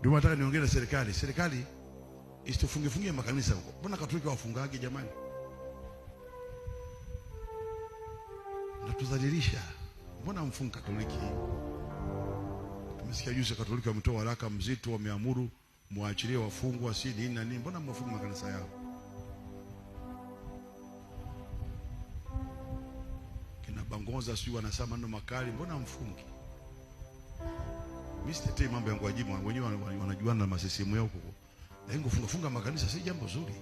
Ndio nataka niongee na serikali. Serikali isitufungie makanisa huko. Mbona Katoliki wafungage jamani? Natuzalilisha. Mbona mfunga Katoliki? Tumesikia juzi Katoliki wametoa waraka mzito, wameamuru muachilie wafungwa si dini na nini. Mbona mwafunga makanisa yao? Kina Bangoza sijui wanasema neno makali, mbona mfungi? Mimi sitetei mambo ya kuwajibu wenyewe, wanajuana na masisimu yao huko. Lakini kufunga funga makanisa si jambo zuri.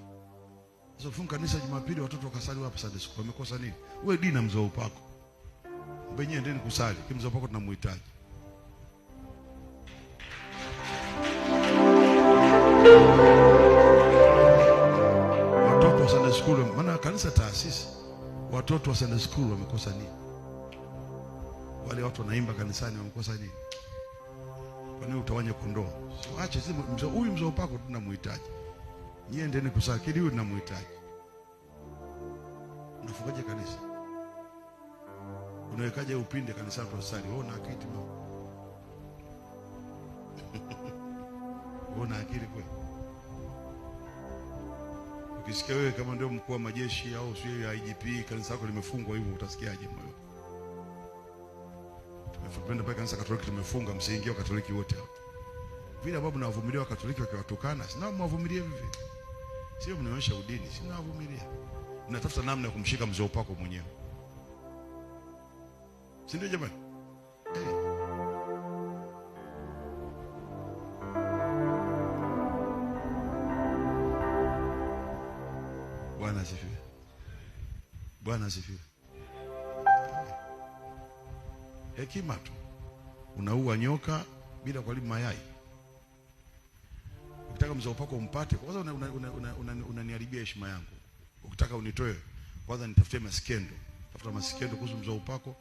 Sasa funga kanisa Jumapili, watoto wakasali wapi Sunday school? Wamekosa nini? Wewe dini na mzao upako. Mbenye endeni kusali. Kimzao upako tunamhitaji. Watoto wa Sunday school, maana kanisa taasisi. Watoto wa Sunday school wamekosa nini? Wale watu wanaimba kanisani wamekosa nini? Kwani utawanya kondoo? Tuache sisi mzee huyu mzee upako tunamhitaji. Nyie endeni kusakili huyu tunamhitaji. Unafukaje kanisa? Unawekaje upinde kanisa kwa Wewe una akili mama. Wewe una akili kweli? Ukisikia wewe kama ndio mkuu wa majeshi au sio IGP kanisa lako limefungwa hivyo utasikiaje moyo? tunapenda pale kanisa Katoliki tumefunga, msiingie wa Katoliki wote hapo. Vile ambavyo mnawavumilia wa Katoliki wakiwatukana, sina mwavumilie hivi. Sio mnaonyesha udini, sina wavumilia. Mnatafuta namna ya kumshika mzee upako mwenyewe. Si ndio jamani? Bwana asifiwe. Bwana asifiwe hekima tu. Unaua nyoka bila kuharibu mayai. Ukitaka mzao wako umpate, kwanza unaniharibia una, una, una, una heshima yangu. Ukitaka unitoe, kwanza nitafutie masikendo tafuta masikendo kuhusu mzao wako.